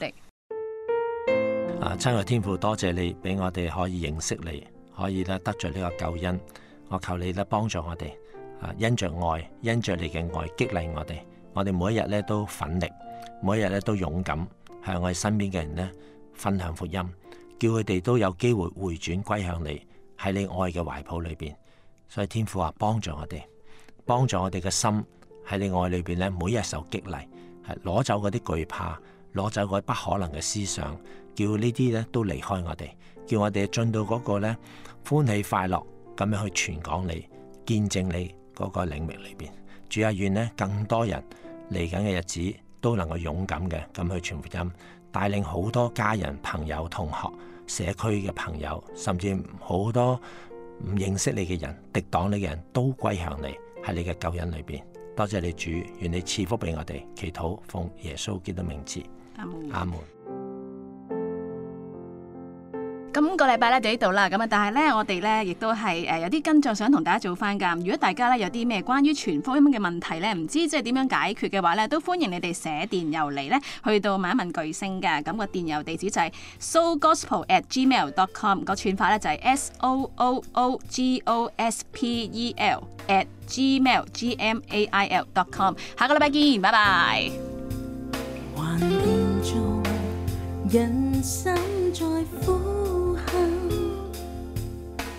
啊，親愛的天父，多謝你俾我哋可以認識你，可以咧得着呢個救恩。我求你咧幫助我哋啊，因着愛，因着你嘅愛激勵我哋。我哋每一日咧都奮力，每一日咧都勇敢，向我哋身邊嘅人咧分享福音，叫佢哋都有機會回轉歸向你，喺你愛嘅懷抱裏邊。所以天父話幫助我哋，幫助我哋嘅心喺你愛裏邊咧，每一日受激勵，係攞走嗰啲懼怕，攞走嗰啲不可能嘅思想，叫呢啲咧都離開我哋，叫我哋進到嗰個咧歡喜快樂咁樣去傳講你、見證你嗰個領域裏邊，主啊，願咧更多人。嚟緊嘅日子都能夠勇敢嘅咁去傳福音，帶領好多家人、朋友、同學、社區嘅朋友，甚至好多唔認識你嘅人、敵擋你嘅人都歸向你，喺你嘅救恩裏邊。多謝你主，願你賜福俾我哋，祈禱奉耶穌基督名字，阿門們。阿咁個禮拜咧就喺度啦，咁啊，但係咧我哋咧亦都係誒有啲跟進想同大家做返噶。如果大家咧有啲咩關於全方位嘅問題咧，唔知即係點樣解決嘅話咧，都歡迎你哋寫電郵嚟咧，去到問一問巨星噶。咁個電郵地址就係 so gospel at gmail dot com，個串法咧就係 s o o o g o s p e l at gmail g m a i l dot com。下個禮拜見，拜拜。